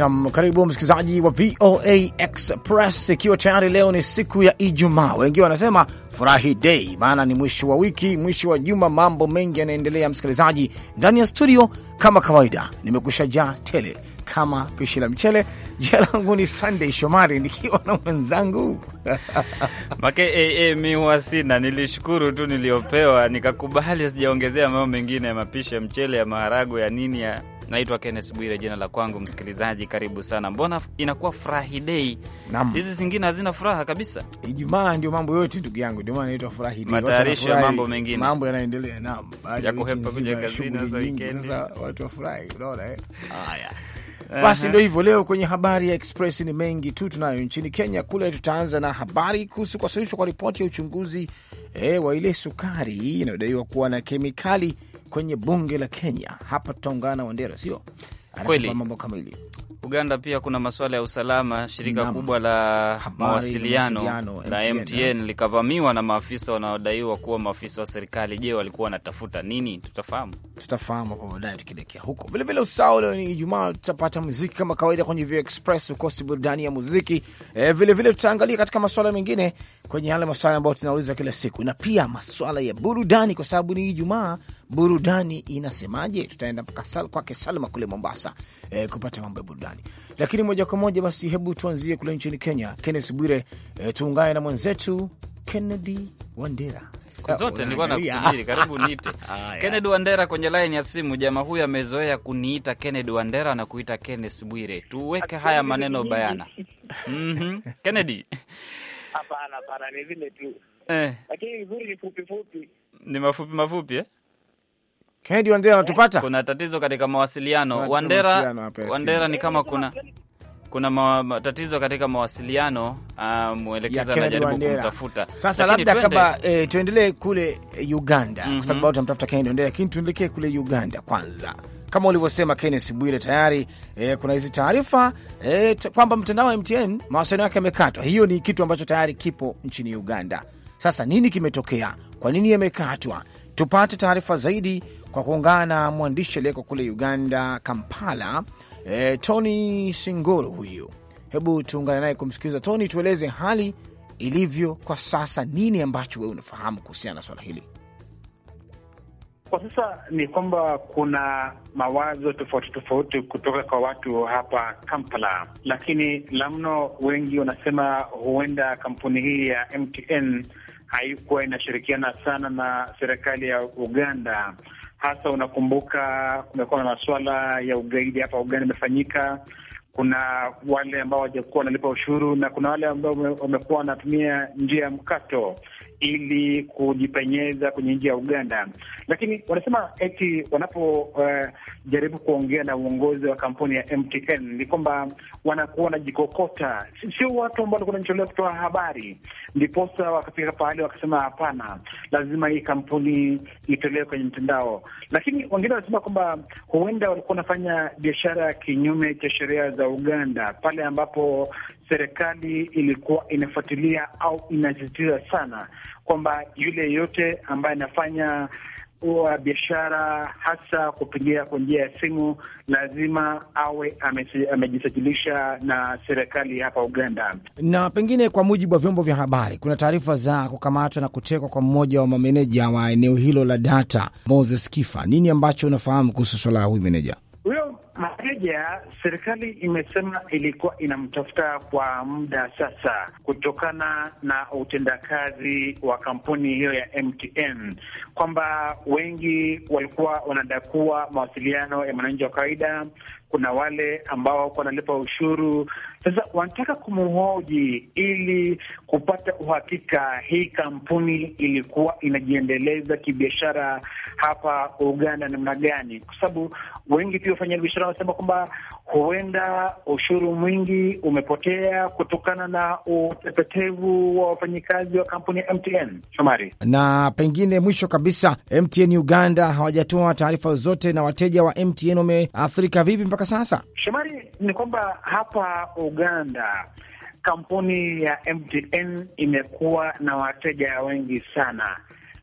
Nam, karibu msikilizaji wa VOA Express, ikiwa tayari leo ni siku ya Ijumaa, wengi wanasema furahi day, maana ni mwisho wa wiki, mwisho wa juma. Mambo mengi yanaendelea, msikilizaji. Ndani ya studio kama kawaida, nimekusha jaa tele kama pishi la mchele. Jina langu ni Sunday Shomari nikiwa na mwenzangu make ee, mi huwa sina, nilishukuru tu niliopewa nikakubali, sijaongezea mambo mengine ya mapishi ya mchele ya maharagwe ya nini ya Naitwa Kennes Bwire, jina la kwangu. Msikilizaji, karibu sana. Mbona inakuwa furahi hizi zingine hazina furaha kabisa? Ijumaa ndio mambo yote, ndugu yangu, ndio maana inaitwa furahi Matayarisho ya mambo mengine, mambo yanaendelea, naam, baada ya kuhepa kuja kazini za weekend, sasa watu wafurahi, unaona eh? Haya. Basi ndio hivyo. Leo kwenye habari ya Express ni mengi tu tunayo nchini Kenya. Kule tutaanza na habari kuhusu kuwasilishwa kwa ripoti ya uchunguzi eh, wa ile sukari inayodaiwa kuwa na kemikali kwenye bunge la Kenya. Hapa tutaungana na Wandera, sio kweli? Mambo kamili. Uganda pia kuna masuala ya usalama. Shirika Nama kubwa la mawasiliano la MTN, MTN eh? likavamiwa na maafisa wanaodaiwa kuwa maafisa wa serikali. Je, walikuwa wanatafuta nini? Tutafahamu, tutafahamu hapo baadaye tukielekea huko. Vilevile usahau, leo ni Ijumaa, tutapata muziki kama kawaida kwenye Vio Express, ukosi burudani ya muziki. Vilevile eh, tutaangalia katika masuala mengine kwenye yale maswala ambayo tunauliza kila siku na pia maswala ya burudani, kwa sababu ni Ijumaa. Burudani inasemaje? Tutaenda mpaka sal kwake Salma kule Mombasa e, kupata mambo ya burudani. Lakini moja kwa moja basi, hebu tuanzie kule nchini Kenya. Kennes Bwire, e, tuungane na mwenzetu Kennedy Wandera. Siku zote nilikuwa nakusubiri, karibu niite Kennedy Wandera kwenye laini ya simu. Jamaa huyu amezoea kuniita Kennedy Wandera na kuita Kennes Bwire. Tuweke haya maneno bayana. mm -hmm. Kennedy Hapana, hapana, ni vile tu eh, lakini nzuri ni fupi fupi, ni mafupi mafupi eh. Kennedy Wandera, unatupata? Kuna tatizo katika mawasiliano kuna Wandera, mawasiliano Wandera, ni kama kuna kuna matatizo katika mawasiliano uh, mwelekezi anajaribu kumtafuta sasa. Labda kama e, eh, tuendelee kule Uganda mm -hmm. kwa mhm. sababu tunamtafuta Kennedy Wandera, lakini tuendelee kule Uganda kwanza kama ulivyosema Kennes Bwire tayari e, kuna hizi taarifa e, kwamba mtandao wa MTN mawasiliano yake yamekatwa. Hiyo ni kitu ambacho tayari kipo nchini Uganda. Sasa nini kimetokea? Kwa nini yamekatwa? Tupate taarifa zaidi kwa kuungana na mwandishi aliyeko kule Uganda, Kampala, e, Tony Singoro huyu. Hebu tuungane naye kumsikiliza. Tony, tueleze hali ilivyo kwa sasa, nini ambacho wewe unafahamu kuhusiana na swala hili? Kwa sasa ni kwamba kuna mawazo tofauti tofauti kutoka kwa watu hapa Kampala, lakini la mno, wengi wanasema huenda kampuni hii ya MTN haikuwa inashirikiana sana na serikali ya Uganda. Hasa unakumbuka, kumekuwa na masuala ya ugaidi hapa Uganda imefanyika. Kuna wale ambao wajakuwa wanalipa ushuru na kuna wale ambao wamekuwa wanatumia njia ya mkato ili kujipenyeza kwenye nchi ya Uganda, lakini wanasema eti wanapojaribu eh, uh, kuongea na uongozi wa kampuni ya MTN ni kwamba wanakuwa wanajikokota, sio watu ambao walikuwa wanacholewa kutoa habari, ndiposa wakafika pahali wakasema hapana, lazima hii kampuni itolewe kwenye mtandao. Lakini wengine wanasema kwamba huenda walikuwa wanafanya biashara kinyume cha sheria za Uganda pale ambapo serikali ilikuwa inafuatilia au inasisitiza sana kwamba yule yeyote ambaye anafanya wa biashara hasa kupigia kwa njia ya simu lazima awe amejisajilisha na serikali hapa Uganda. Na pengine kwa mujibu wa vyombo vya habari, kuna taarifa za kukamatwa na kutekwa kwa mmoja wa mameneja wa eneo hilo la data, Moses Kifa. Nini ambacho unafahamu kuhusu swala la huyu meneja huyo? Mareja, serikali imesema ilikuwa inamtafuta kwa muda sasa kutokana na utendakazi wa kampuni hiyo ya MTN, kwamba wengi walikuwa wanadakua mawasiliano ya mwananchi wa kawaida. Kuna wale ambao wanalipa ushuru, sasa wanataka kumhoji ili kupata uhakika hii kampuni ilikuwa inajiendeleza kibiashara hapa Uganda namna gani, kwa sababu wengi pia wafanya biashara wanasema kwamba huenda ushuru mwingi umepotea kutokana na utepetevu wa wafanyikazi wa kampuni ya MTN. Shomari, na pengine mwisho kabisa, MTN Uganda hawajatoa taarifa zote na wateja wa MTN wameathirika vipi mpaka sasa? Shomari, ni kwamba hapa Uganda kampuni ya MTN imekuwa na wateja wengi sana,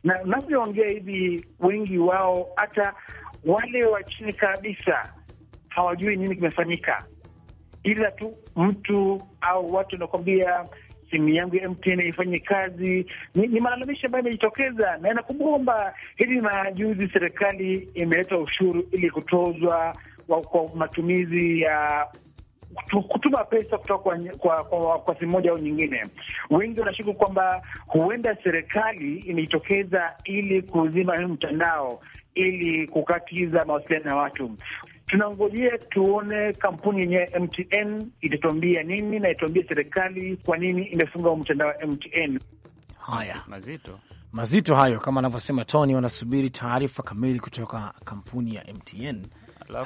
na unavyoongea hivi, wengi wao hata wale wa chini kabisa hawajui nini kimefanyika, ila tu mtu au watu wanakwambia simu yangu ya MTN ifanye kazi. Ni, ni malalamishi ambayo imejitokeza, na inakumbuka hivi majuzi serikali imeleta ushuru ili kutozwa kwa matumizi ya kutuma pesa kutoka kwa, kwa, kwa, kwa simu moja au nyingine. Wengi wanashuku kwamba huenda serikali imejitokeza ili kuzima hii mtandao ili kukatiza mawasiliano ya watu tunangojea tuone kampuni yenyewe MTN itatuambia nini na ituambie serikali kwa nini imefunga mtandao wa MTN. Haya, mazito mazito hayo, kama anavyosema Tony, wanasubiri taarifa kamili kutoka kampuni ya MTN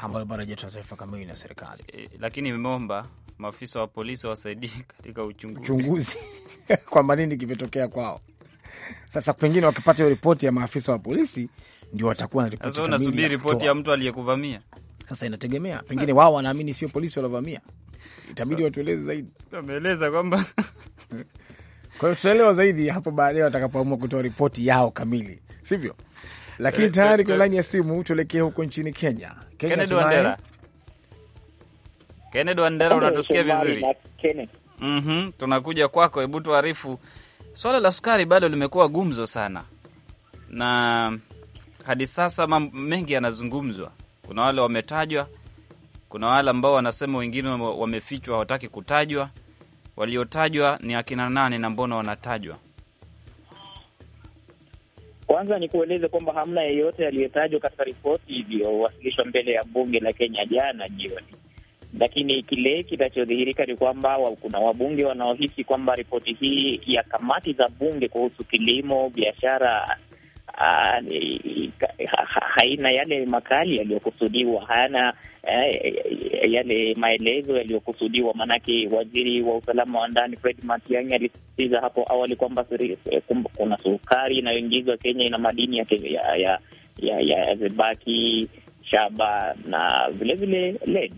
ambayo bado haijatoa taarifa kamili na serikali e, lakini imeomba maafisa wa polisi wasaidie katika uchunguzi, uchunguzi. kwamba nini kimetokea kwao. Sasa pengine wakipata hiyo ripoti ya maafisa wa polisi ndio watakuwa na ripoti kamili. Unasubiri ripoti ya mtu aliyekuvamia sasa inategemea pengine wao wanaamini sio polisi walovamia, itabidi so, watueleze zaidi. Wameeleza kwamba kwa hiyo tutaelewa zaidi hapo baadaye watakapoamua kutoa ripoti yao kamili, sivyo? Lakini eh, tayari kwa eh, laini ya simu tuelekee huko nchini Kenya. Kennedy Wandera, Kennedy Wandera, unatusikia vizuri? mm -hmm. Tunakuja kwako, hebu tuarifu swala la sukari bado limekuwa gumzo sana, na hadi sasa mambo mengi yanazungumzwa. Kuna wale wametajwa, kuna wale ambao wanasema wengine wamefichwa, hawataki kutajwa. Waliotajwa ni akina nani na mbona wanatajwa? Kwanza ni kueleze kwamba hamna yeyote aliyetajwa katika ripoti iliyowasilishwa mbele ya bunge la Kenya jana jioni, lakini kile kinachodhihirika ni kwamba kuna wabunge wanaohisi kwamba ripoti hii ya kamati za bunge kuhusu kilimo, biashara Ah, haina yale makali yaliyokusudiwa, hayana eh, yale maelezo yaliyokusudiwa. Maanake waziri wa usalama wa ndani Fred Matiang'i alisisitiza hapo awali kwamba kuna sukari inayoingizwa Kenya ina madini ya, ya, ya, ya, ya zebaki, shaba na vilevile led,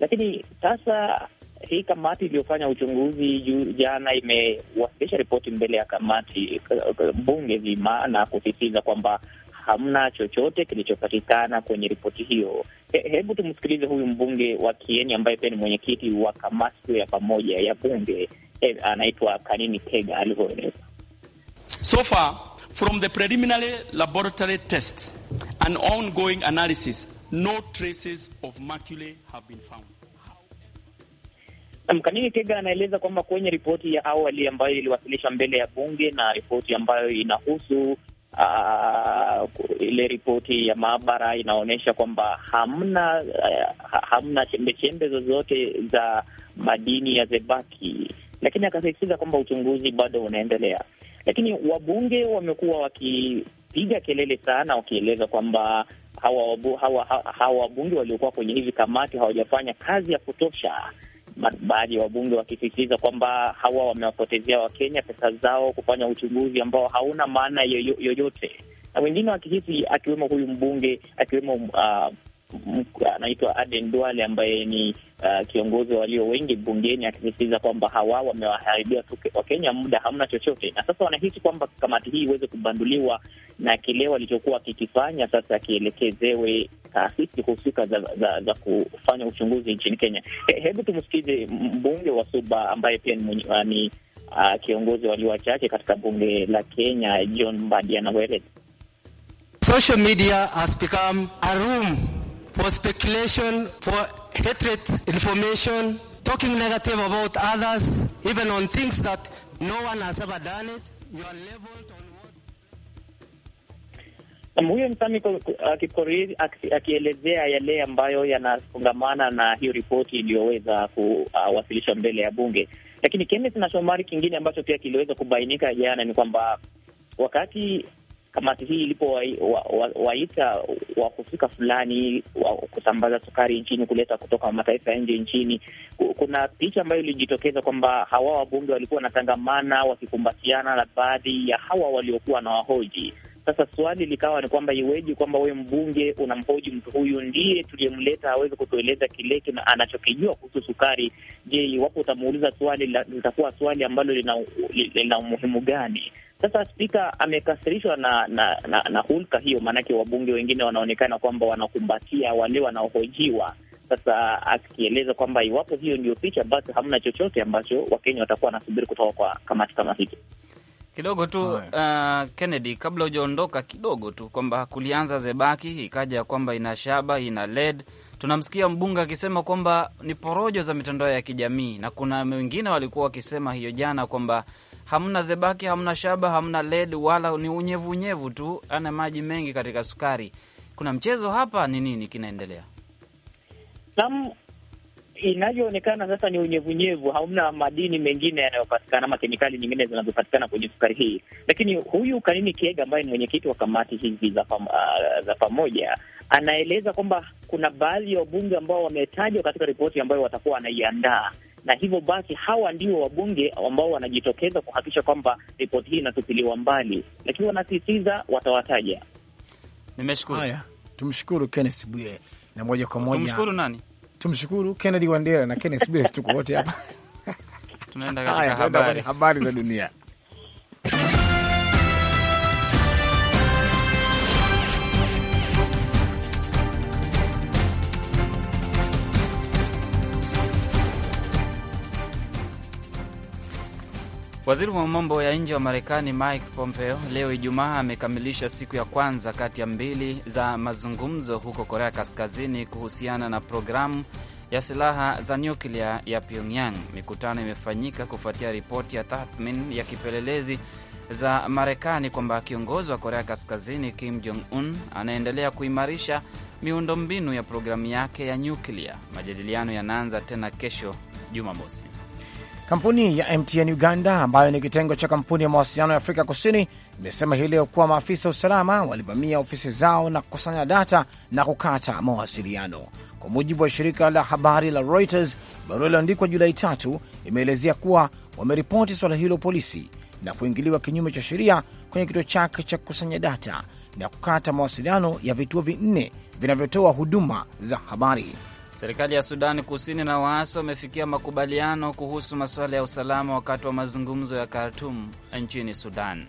lakini sasa hii kamati iliyofanya uchunguzi jana imewasilisha ripoti mbele ya kamati bunge zima na kusisitiza kwamba hamna chochote kilichopatikana kwenye ripoti hiyo. He, hebu tumsikilize huyu mbunge wa Kieni ambaye pia ni mwenyekiti wa kamati hiyo ya pamoja ya bunge he, anaitwa Kanini Tega alivyoeleza. So far from the preliminary laboratory tests and ongoing analysis no traces of have been found. Mkanini kega anaeleza kwamba kwenye ripoti ya awali ambayo iliwasilishwa mbele ya bunge na ripoti ambayo inahusu Uh, ile ripoti ya maabara inaonyesha kwamba hamna uh, hamna chembechembe zozote za madini ya zebaki, lakini akasisitiza kwamba uchunguzi bado unaendelea. Lakini wabunge wamekuwa wakipiga kelele sana, wakieleza kwamba hawa wabunge hawa, hawa waliokuwa kwenye hizi kamati hawajafanya kazi ya kutosha baadhi ya wabunge wakisisitiza kwamba hawa wamewapotezea Wakenya pesa zao kufanya uchunguzi ambao hauna maana yoyote, na wengine wakihisi akiwemo huyu mbunge akiwemo uh, anaitwa Aden Duale ambaye ni uh, kiongozi walio wengi bungeni, akisisitiza kwamba hawa wamewaharibia tu Wakenya muda, hamna chochote. Na sasa wanahisi kwamba kamati hii iweze kubanduliwa na kile walichokuwa kikifanya sasa kielekezewe taasisi husika za, za, za kufanya uchunguzi nchini Kenya. He, hebu tumsikize mbunge wa Suba ambaye pia ni, uh, ni uh, kiongozi walio wachache katika bunge la Kenya, John Mbadiana Were. Social media has become a room for speculation, for hatred information, talking negative about others, even on things that no one has ever done it. You are leveled on huyo msami akielezea yale ambayo yanafungamana na hiyo ripoti iliyoweza kuwasilishwa uh, mbele ya bunge. Lakini Kenneth na Shomari, kingine ambacho pia kiliweza kubainika jana ni kwamba wakati kamati hii ilipowaita wa, wa, wahusika fulani wa kusambaza sukari nchini, kuleta kutoka mataifa ya nje nchini, kuna picha ambayo ilijitokeza kwamba hawa wabunge walikuwa wanatangamana wakikumbatiana na baadhi ya hawa waliokuwa na wahoji sasa swali likawa ni kwamba iweje kwamba wewe mbunge unamhoji mtu huyu ndiye tuliyemleta, aweze kutueleza kile anachokijua kuhusu sukari. Je, iwapo utamuuliza swali litakuwa swali ambalo lina, lina umuhimu gani? Sasa Spika amekasirishwa na na, na na hulka hiyo, maanake wabunge wengine wanaonekana kwamba wanakumbatia wale wanaohojiwa. Sasa akieleza kwamba iwapo hiyo ndio picha, basi hamna chochote ambacho Wakenya watakuwa wanasubiri kutoka kwa kamati kama hizo kidogo tu uh, Kennedy, kabla hujaondoka kidogo tu kwamba kulianza zebaki ikaja kwamba ina shaba ina led tunamsikia mbunge akisema kwamba ni porojo za mitandao ya kijamii, na kuna wengine walikuwa wakisema hiyo jana kwamba hamna zebaki, hamna shaba, hamna led, wala ni unyevu unyevu tu, ana maji mengi katika sukari. Kuna mchezo hapa, ni nini kinaendelea? Naam, inavyoonekana sasa ni unyevunyevu, hamna madini mengine yanayopatikana ama kemikali nyingine zinazopatikana kwenye sukari hii. Lakini huyu Kanini Kiega ambaye ni mwenyekiti wa kamati hizi za, fam, uh, za pamoja anaeleza kwamba kuna baadhi ya wabunge ambao wametajwa katika ripoti ambayo watakuwa wanaiandaa na hivyo basi hawa ndio wabunge ambao wanajitokeza kuhakikisha kwamba ripoti hii inatupiliwa mbali, lakini wanasisitiza watawataja. Nimeshukuru haya, tumshukuru Kenneth Bwire na moja kwa moja tumshukuru nani Tumshukuru Kennedy Wandera na Kenneth Bwire, tuko wote hapa tunaenda katika habari za dunia. Waziri wa mambo ya nje wa Marekani Mike Pompeo leo Ijumaa amekamilisha siku ya kwanza kati ya mbili za mazungumzo huko Korea Kaskazini kuhusiana na programu ya silaha za nyuklia ya Pyongyang. Mikutano imefanyika kufuatia ripoti ya tathmini ya kipelelezi za Marekani kwamba kiongozi wa Korea Kaskazini Kim Jong Un anaendelea kuimarisha miundombinu ya programu yake ya nyuklia. Majadiliano yanaanza tena kesho Jumamosi. Kampuni ya MTN Uganda ambayo ni kitengo cha kampuni ya mawasiliano ya Afrika Kusini imesema hii leo kuwa maafisa wa usalama walivamia ofisi zao na kukusanya data na kukata mawasiliano. Kwa mujibu wa shirika la habari la Reuters, barua iliyoandikwa Julai tatu imeelezea kuwa wameripoti suala hilo polisi na kuingiliwa kinyume cha sheria kwenye kituo chake cha kukusanya data na kukata mawasiliano ya vituo vinne vinavyotoa huduma za habari. Serikali ya Sudani Kusini na waasi wamefikia makubaliano kuhusu masuala ya usalama wakati wa mazungumzo ya Khartum nchini Sudan.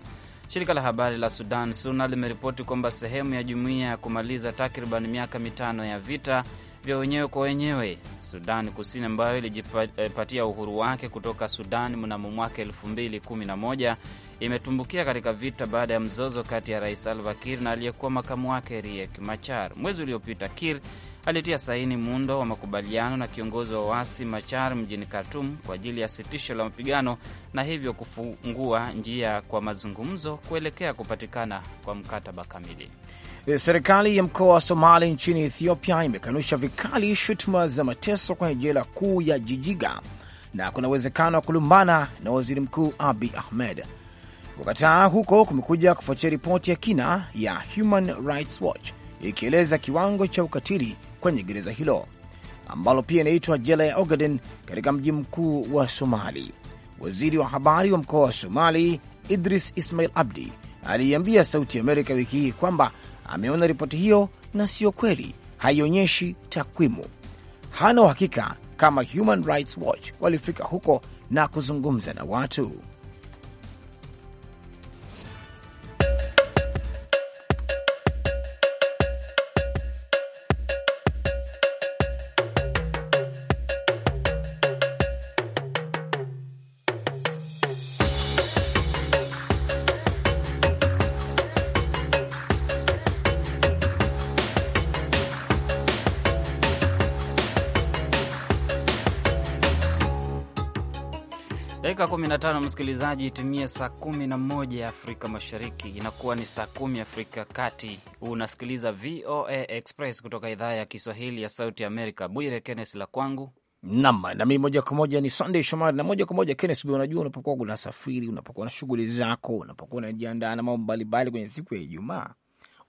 Shirika la habari la Sudan SUNA limeripoti kwamba sehemu ya jumuiya ya kumaliza takriban miaka mitano ya vita vya wenyewe kwa wenyewe sudan Kusini ambayo ilijipatia uhuru wake kutoka Sudan mnamo mwaka 2011 imetumbukia katika vita baada ya mzozo kati ya Rais Salva Kiir na aliyekuwa makamu wake Riek Machar. Mwezi uliopita Kir alitia saini muundo wa makubaliano na kiongozi wa waasi Machar mjini Khartum kwa ajili ya sitisho la mapigano na hivyo kufungua njia kwa mazungumzo kuelekea kupatikana kwa mkataba kamili. E, serikali ya mkoa wa Somali nchini Ethiopia imekanusha vikali shutuma za mateso kwenye jela kuu ya Jijiga na kuna uwezekano wa kulumbana na waziri mkuu Abi Ahmed. Kukataa huko kumekuja kufuatia ripoti ya kina ya Human Rights Watch ikieleza kiwango cha ukatili kwenye gereza hilo ambalo pia inaitwa jela ya Ogaden katika mji mkuu wa Somali. Waziri wa habari wa mkoa wa Somali Idris Ismail Abdi aliiambia Sauti ya Amerika wiki hii kwamba ameona ripoti hiyo na siyo kweli, haionyeshi takwimu. Hana uhakika kama Human Rights Watch walifika huko na kuzungumza na watu. dakika 15 msikilizaji, itumie saa 11 ya Afrika Mashariki, inakuwa ni saa kumi Afrika Kati. Unasikiliza VOA Express kutoka idhaa ya Kiswahili ya Sauti Amerika. Bwire Kennes la kwangu nam mii moja kwa moja ni Sunday Shomari na moja kwa moja Kennes. Unajua, unapokuwa unasafiri, unapokuwa na shughuli zako, unapokuwa unajiandaa na mambo mbalimbali kwenye siku ya Ijumaa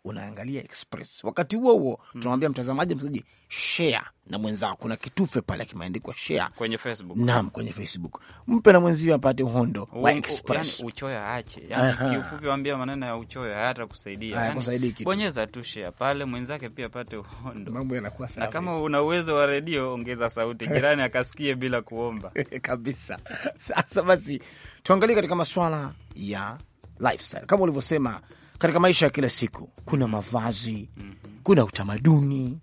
unaangalia Express. Wakati huo huo hmm. tunamwambia mtazamaji msaji share na mwenzao, kuna kitufe pale kimeandikwa share kwenye Facebook. Naam, kwenye Facebook mpe na mwenzio apate uhondo wa Express. Yani uchoyo aache, yani kiufupi waambia maneno ya uchoyo kusaidia, yani bonyeza tu share pale, mwenzake pia apate uhondo, mambo yanakuwa sawa. Na kama una uwezo wa redio, ongeza sauti, jirani akasikie bila kuomba kabisa. Sasa basi tuangalie katika masuala ya lifestyle kama ulivyosema katika maisha ya kila siku, kuna mavazi mm -hmm. kuna utamaduni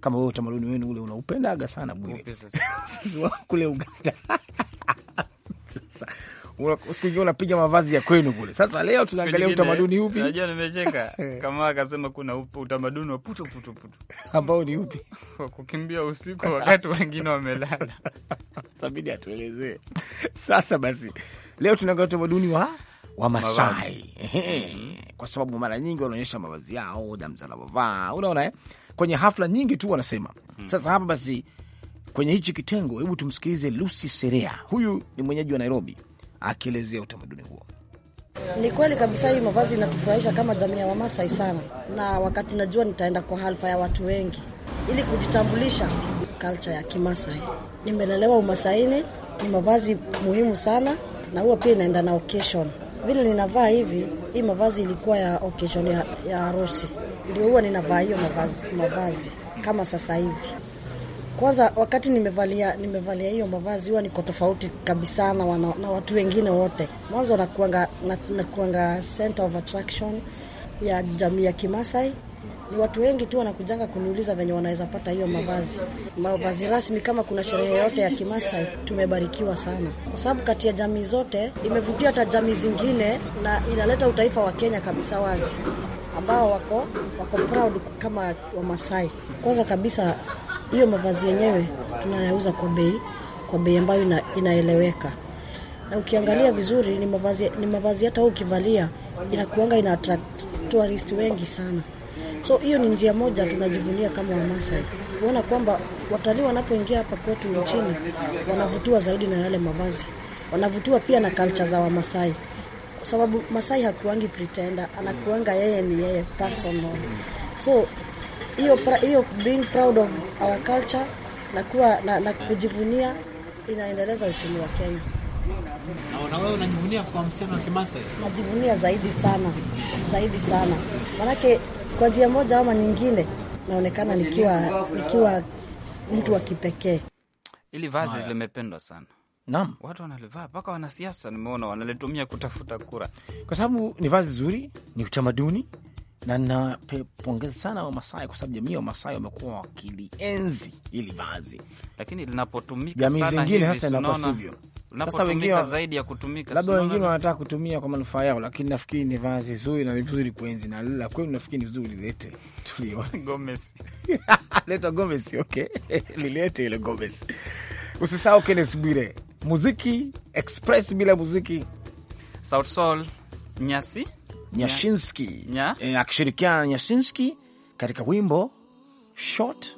kama wewe utamaduni wenu ule unaupendaga sana Bwire kule Uganda siku ingine unapiga mavazi ya kwenu kule. Sasa leo tunaangalia utamaduni upi? Unajua nimecheka eh. kama akasema kuna utamaduni wa putu putu putu, ambao ni upi? Kukimbia usiku wakati wengine wamelala, tabidi atuelezee. Sasa basi leo tunaangalia utamaduni wa wa Masai mm-hmm. kwa sababu mara nyingi wanaonyesha mavazi yao, damu zanavovaa, unaona eh? Kwenye hafla nyingi tu wanasema hmm. Sasa hapa basi kwenye hichi kitengo, hebu tumsikilize Lucy Serea, huyu ni mwenyeji wa Nairobi akielezea utamaduni huo. Ni kweli kabisa, hii mavazi inatufurahisha kama jamii ya Wamasai sana, na wakati najua nitaenda kwa halfa ya watu wengi ili kujitambulisha kalcha ya Kimasai. Nimelelewa Umasaini, ni mavazi muhimu sana na huwa pia inaenda na occasion vile ninavaa hivi, hii mavazi ilikuwa ya occasion ya, ya harusi, ndio huwa ninavaa hiyo mavazi, mavazi kama sasa hivi. Kwanza wakati nimevalia nimevalia hiyo mavazi huwa niko tofauti kabisa na, wana, na watu wengine wote. Mwanzo nakuanga, nakuanga center of attraction ya jamii ya Kimasai watu wengi tu wanakujanga kuniuliza venye wanaweza pata hiyo mavazi, mavazi rasmi kama kuna sherehe yote ya Kimasai. Tumebarikiwa sana kwa sababu kati ya jamii zote imevutia hata jamii zingine, na inaleta utaifa wa Kenya kabisa wazi, ambao wako wako proud kama Wamasai. Kwanza kabisa hiyo mavazi yenyewe tunayauza kwa bei kwa bei ambayo ina, inaeleweka na ukiangalia vizuri ni mavazi, ni mavazi hata ukivalia inakuanga ina attract tourist wengi sana. So hiyo ni njia moja tunajivunia kama Wamasai kuona kwamba watalii wanapoingia hapa kwetu nchini wanavutiwa zaidi na yale mavazi, wanavutiwa pia na kalcha za Wamasai kwa sababu Masai hakuangi pretenda, anakuanga yeye ni yeye personal. So hiyo hiyo being proud of our culture na kuwa na, na kujivunia inaendeleza uchumi wa Kenya. Na wewe unajivunia kwa msemo wa Kimasai? Najivunia zaidi sana, zaidi sana. Maanake kwa njia moja ama nyingine naonekana nikiwa, nikiwa mtu wa kipekee. Ili vazi limependwa sana. Naam, watu wanalivaa mpaka wanasiasa nimeona wanalitumia kutafuta kura, kwa sababu ni vazi zuri, ni utamaduni na napongeza sana Wamasai kwa sababu jamii ya Wamasai wamekuwa wakilienzi hili vazi, lakini linapotumika jamii zingine hasa inakuwa sivyo. Sasa wengine zaidi ya kutumika, labda wengine wanataka kutumia kwa manufaa yao, lakini nafikiri ni vazi zuri na ni vizuri kuenzi na lila kwenu, nafikiri ni vizuri lilete tulione Gomez leta Gomez, okay lilete ile Gomez. Usisahau Kennes Bwire, muziki express, bila muziki South Soul Nyasi Nyashinski Nya? E, akishirikiana na Nyashinski katika wimbo short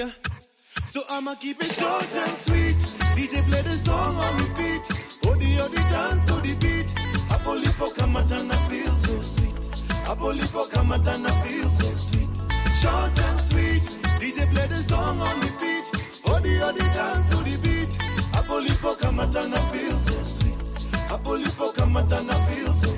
ya. So I'ma keep it short and sweet. DJ play the song on repeat. Odi odi dance to the beat. Hapo lipo kamata na feel so sweet. Hapo lipo kamata na feel so sweet. Short and sweet. DJ play the song on repeat. Odi odi dance to the beat. Hapo lipo kamata na feel so sweet. Hapo lipo kamata na feel so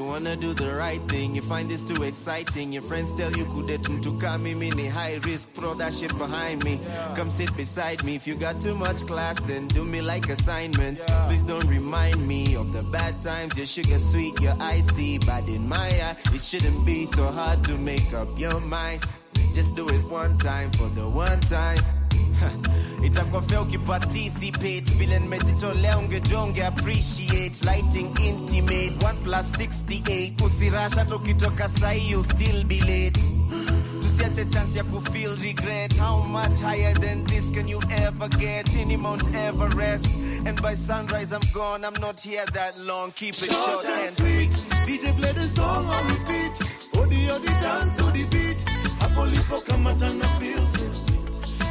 you wanna do the right thing, you find this too exciting. Your friends tell you kudetum to come mini high risk, throw that shit behind me. Yeah. Come sit beside me. If you got too much class, then do me like assignments. Yeah. Please don't remind me of the bad times. Your sugar sweet, your icy, but in my eye, it shouldn't be so hard to make up your mind. Just do it one time for the one time. itakuwa fair ukiparticipate vile nimejitolea, ungejua unge appreciate lighting intimate 1 plus 68 usirasha tukitoka sahi you still be late tusiache chance ya kufeel regret how much higher than this can you ever get in Mount Everest and by sunrise I'm gone I'm not here that long keep it short, short and sweet. sweet DJ play the song on repeat odi odi dance to the beat hapo lipo kama tanga feels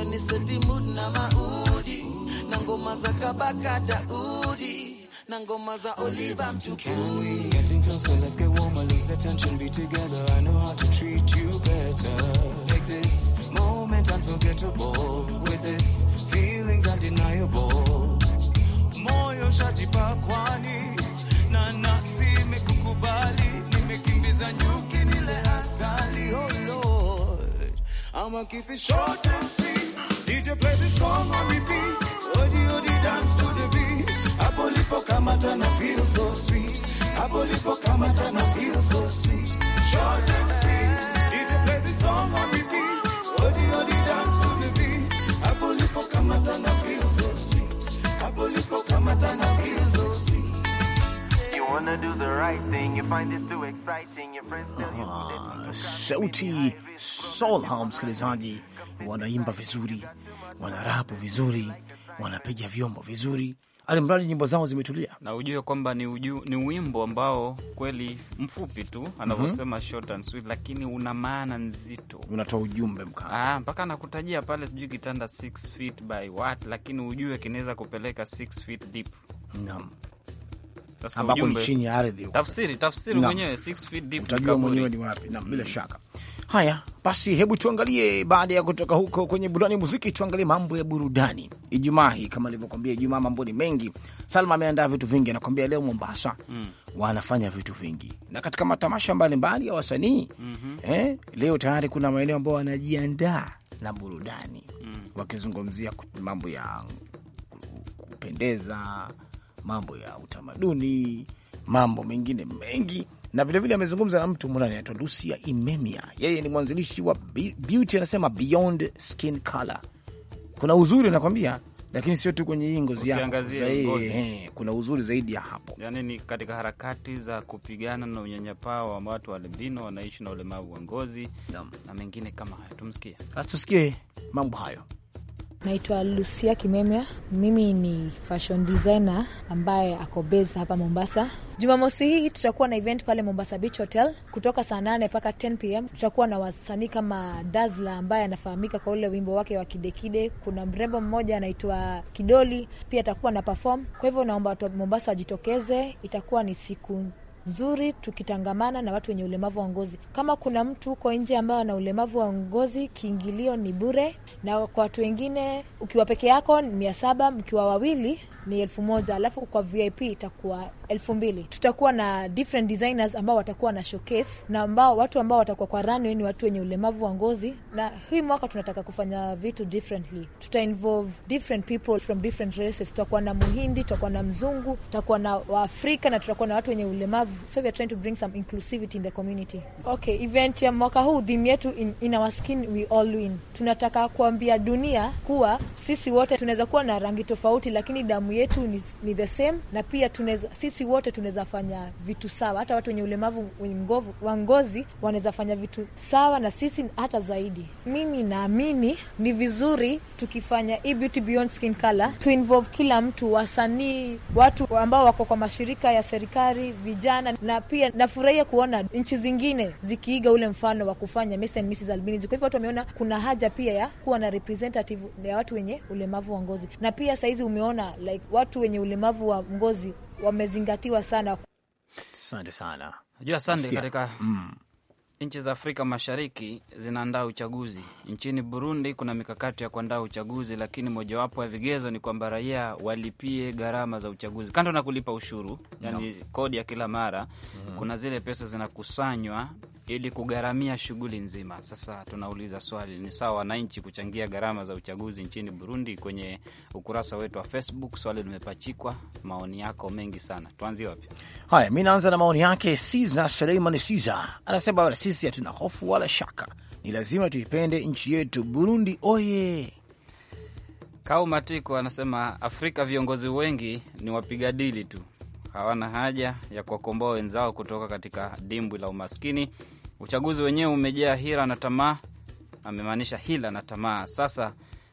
uchaniseti mood na maudi na ngoma za Kabaka Daudi na ngoma za Oliver Mtukui. Getting closer, let's get warmer, lose the tension, be together. I know how to treat you better. Make this moment unforgettable with this feelings undeniable. Moyo shajipa kwani na nafsi imekukubali, nimekimbiza nyuki nile asali. Oh Lord, I'm gonna keep it short and sweet. DJ play this song on repeat. Odi odi dance to the beat. Hapo kamata na feel so sweet. Hapo kamata na feel so sweet. Short and sweet. DJ play this song on repeat. Aha, sauti soul ha, msikilizaji, wanaimba vizuri, wanarapu vizuri, wanapiga vyombo vizuri, alimradi nyimbo zao zimetulia, na ujue kwamba ni, uju, ni wimbo ambao kweli mfupi tu anavyosema, mm -hmm. short and sweet, lakini una maana nzito, unatoa ujumbe mkali ah, mpaka anakutajia pale, sijui kitanda 6 feet by what, lakini ujue kinaweza kupeleka 6 feet deep. Naam ambapo ni chini ya ardhi. Tafsiri tafsiri mwenyewe, six feet deep, utajua mwenyewe ni wapi. Na bila mm. shaka. Haya basi, hebu tuangalie, baada ya kutoka huko kwenye burudani muziki, tuangalie mambo ya burudani Ijumaa hii. Kama nilivyokwambia, Ijumaa mambo ni mengi. Salma ameandaa vitu vingi, anakwambia leo Mombasa mm. wanafanya vitu vingi na katika matamasha mbalimbali ya wasanii mm -hmm. eh, leo tayari kuna maeneo ambayo wanajiandaa na burudani mm. wakizungumzia mambo ya kupendeza mambo ya utamaduni, mambo mengine mengi na vilevile amezungumza na mtu mwanani anaitwa Lucia Imemia. Yeye ni mwanzilishi wa beauty, anasema beyond skin color. Kuna uzuri anakwambia, lakini sio tu kwenye hii ngozi yako, eh, eh, kuna uzuri zaidi ya hapo. Yani ni katika harakati za kupigana na unyanyapaa wa watu walibino wanaishi na ulemavu wa ngozi na mengine kama hayo. Tumsikie basi, tusikie mambo hayo. Naitwa Lucia Kimemia, mimi ni fashion designer ambaye ako based hapa Mombasa. Jumamosi hii tutakuwa na event pale Mombasa Beach Hotel kutoka saa 8 mpaka 10 pm. Tutakuwa na wasanii kama Dazla ambaye anafahamika kwa ule wimbo wake wa Kidekide. Kuna mrembo mmoja anaitwa Kidoli pia atakuwa na perform. Kwa hivyo naomba watu wa Mombasa wajitokeze, itakuwa ni siku nzuri tukitangamana na watu wenye ulemavu wa ngozi. Kama kuna mtu huko nje ambayo ana ulemavu wa ngozi, kiingilio ni bure, na kwa watu wengine ukiwa peke yako mia saba, mkiwa wawili ni elfu moja alafu kwa VIP itakuwa elfu mbili. Tutakuwa na different designers ambao watakuwa na showcase na ambao watu ambao watakuwa kwa runway ni watu wenye ulemavu wa ngozi, na hii mwaka tunataka kufanya vitu differently. Tuta involve different people from different races. Tutakuwa na Muhindi, tutakuwa na mzungu, tutakuwa na Waafrika na tutakuwa na watu wenye ulemavu, so we are trying to bring some inclusivity in the community. Okay, event ya mwaka huu theme yetu in, in our skin we all win. Tunataka kuambia dunia kuwa sisi wote tunaweza kuwa na rangi tofauti, lakini damu elimu yetu ni, ni the same, na pia tuneza, sisi wote tunaweza fanya vitu sawa. Hata watu wenye ulemavu wa ngozi wanaweza fanya vitu sawa na sisi, hata zaidi. Mimi naamini ni vizuri tukifanya hii Beauty Beyond Skin Color, involve kila mtu, wasanii, watu ambao wako kwa mashirika ya serikali, vijana, na pia nafurahia kuona nchi zingine zikiiga ule mfano wa kufanya Mr. and Mrs. Albinism. Kwa hivyo watu wameona kuna haja pia ya kuwa na representative ya watu wenye ulemavu wa ngozi, na pia sahizi umeona like, watu wenye ulemavu wa ngozi wamezingatiwa sana. Asante sana. Najua asante. katika mm. Nchi za Afrika Mashariki zinaandaa uchaguzi. Nchini Burundi kuna mikakati ya kuandaa uchaguzi, lakini mojawapo ya vigezo ni kwamba raia walipie gharama za uchaguzi, kando na kulipa ushuru, yani no. kodi ya kila mara mm. kuna zile pesa zinakusanywa ili kugharamia shughuli nzima. Sasa tunauliza swali, ni sawa wananchi kuchangia gharama za uchaguzi nchini Burundi? Kwenye ukurasa wetu wa Facebook swali limepachikwa, maoni yako mengi sana. Tuanzie wapi? Haya, mi naanza na maoni yake Siza Suleiman Siza, anasema wala sisi hatuna hofu wala shaka, ni lazima tuipende nchi yetu Burundi oye. Kau Matiko anasema Afrika viongozi wengi ni wapiga dili tu, hawana haja ya kuwakomboa wenzao kutoka katika dimbwi la umaskini. Uchaguzi wenyewe umejaa hila na tamaa, amemaanisha hila na tamaa. Sasa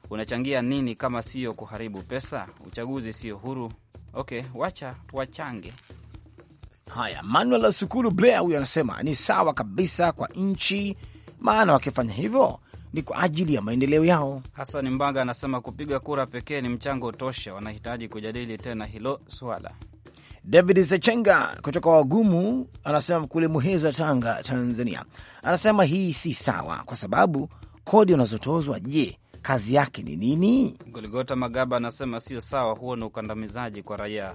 unachangia nini kama sio kuharibu pesa? Uchaguzi sio huru. Okay, wacha wachange haya. Manuel Asukuru Blair huyo anasema ni sawa kabisa kwa nchi, maana wakifanya hivyo ni kwa ajili ya maendeleo yao. Hassan Mbaga anasema kupiga kura pekee ni mchango tosha, wanahitaji kujadili tena hilo swala. David Sechenga kutoka wagumu anasema kule Muheza, Tanga, Tanzania, anasema hii si sawa kwa sababu kodi unazotozwa, je, kazi yake ni nini? Goligota Magaba anasema sio sawa, huo ni ukandamizaji kwa raia.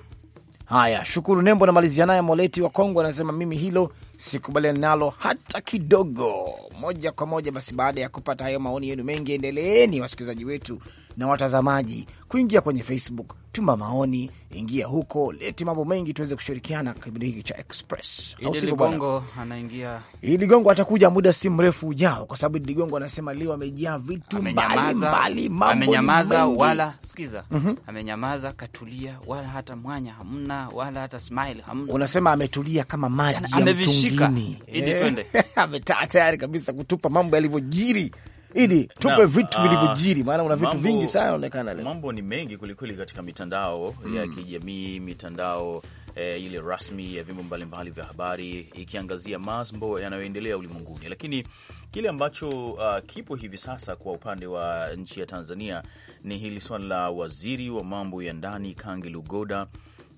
Haya, Shukuru Nembo anamalizia naye Moleti wa Kongo anasema mimi hilo sikubaliani nalo hata kidogo. Moja kwa moja basi, baada ya kupata hayo maoni yenu mengi, endeleeni wasikilizaji wetu na watazamaji kuingia kwenye Facebook, tuma maoni, ingia huko, leti mambo mengi tuweze kushirikiana kipindi hiki cha Express. Ligongo anaingia, Idi Ligongo atakuja muda si mrefu ujao, kwa sababu Idi Ligongo anasema leo amejaa vitu mbalimbali, mambo amenyamaza, wala sikiza, mm -hmm. amenyamaza katulia, wala hata mwanya hamna, wala hata smile hamna. Unasema ametulia kama maji ya mtungi yaani, lini. Eh. twende. Ametaa tayari kabisa kutupa mambo yalivyojiri. Idi, tupe vitu vilivyojiri, ah, maana una vitu vingi sana inaonekana leo. Mambo ni mengi kwelikweli katika mitandao mm. ya hmm. kijamii, mitandao E, ile rasmi ya vyombo mbalimbali vya habari ikiangazia mambo yanayoendelea ulimwenguni, lakini kile ambacho uh, kipo hivi sasa kwa upande wa nchi ya Tanzania ni hili swala la waziri wa mambo ya ndani Kangi Lugoda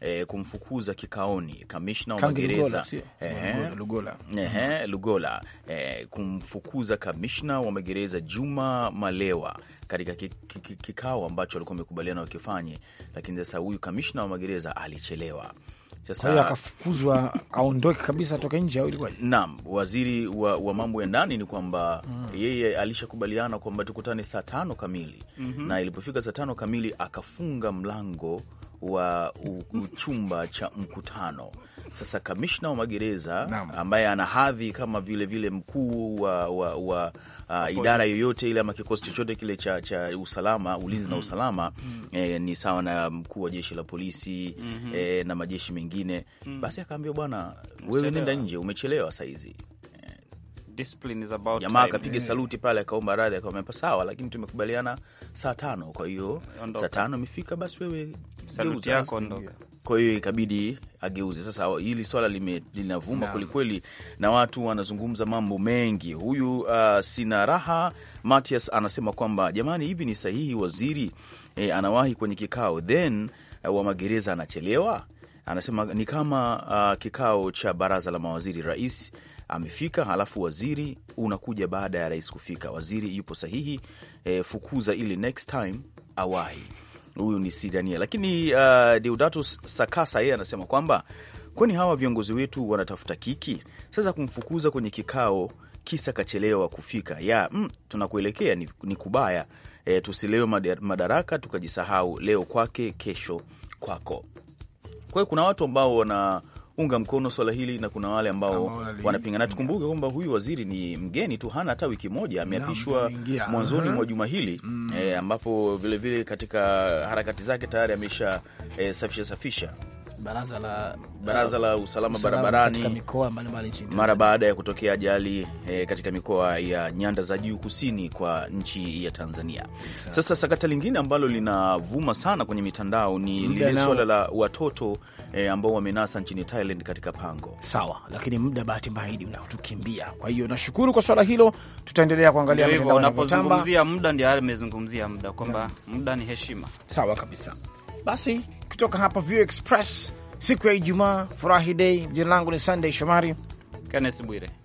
e, kumfukuza kikaoni kamishna wa magereza Lugola, ehe, Lugola e, kumfukuza kamishna wa magereza Juma Malewa katika kikao ambacho alikuwa amekubaliana wakifanye, lakini sasa huyu kamishna wa magereza alichelewa. Sasa akafukuzwa aondoke kabisa toka nje au ilikuwa? Naam, waziri wa, wa mambo ya ndani ni kwamba mm, yeye alishakubaliana kwamba tukutane saa tano kamili mm -hmm. na ilipofika saa tano kamili akafunga mlango wa chumba cha mkutano. Sasa kamishna wa magereza ambaye ana hadhi kama vilevile mkuu wa, wa, wa uh, idara yoyote ile ama kikosi chochote kile cha, cha usalama ulinzi mm -hmm. na mm-hmm. usalama mm -hmm. eh, ni sawa na mkuu wa jeshi la polisi mm -hmm. eh, na majeshi mengine mm -hmm. Basi akaambiwa bwana, wewe nenda nje, umechelewa saizi eh, jamaa akapiga mm. saluti pale, akaomba radhi, akamwambia sawa, lakini tumekubaliana saa tano. Kwa hiyo saa tano imefika, basi wewe saluti yako ondoka. Kwa hiyo ikabidi ageuze. Sasa hili swala linavuma kwelikweli na watu wanazungumza mambo mengi. Huyu uh, sina raha Matias anasema kwamba jamani, hivi ni sahihi waziri e, anawahi kwenye kikao then uh, wa magereza anachelewa? Anasema ni kama uh, kikao cha baraza la mawaziri, rais amefika halafu waziri unakuja baada ya rais kufika. Waziri yupo sahihi, e, fukuza ili next time awahi huyu ni Sidania. Lakini uh, Deodatus Sakasa yeye anasema kwamba kwani hawa viongozi wetu wanatafuta kiki sasa, kumfukuza kwenye kikao kisa kachelewa kufika ya mm, tunakuelekea ni, ni kubaya e, tusilewe madaraka tukajisahau, leo kwake kesho kwako. Kwa hiyo kuna watu ambao wana unga mkono swala hili na kuna wale ambao wanapingana. Tukumbuke kwamba huyu waziri ni mgeni tu, hana hata wiki moja, ameapishwa mwanzoni mwa juma hili mm, e, ambapo vilevile vile katika harakati zake tayari amesha e, safisha safisha baraza la, baraza la usalama, barabarani mara baada ya kutokea ajali e, katika mikoa ya nyanda za juu kusini kwa nchi ya Tanzania. Sasa sakata lingine ambalo linavuma sana kwenye mitandao ni lile suala la watoto e, ambao wamenasa nchini Thailand katika pango. Sawa, lakini muda bahati mbaya hidi unatukimbia. Kwa hiyo nashukuru kwa swala hilo, tutaendelea kuangalia. Unapozungumzia muda, ndio amezungumzia muda kwamba muda ni heshima. Sawa kabisa. Basi kutoka hapa View Express siku ya Ijumaa, furahi dei. Jina langu ni Sunday Shomari Kenneth Bwire.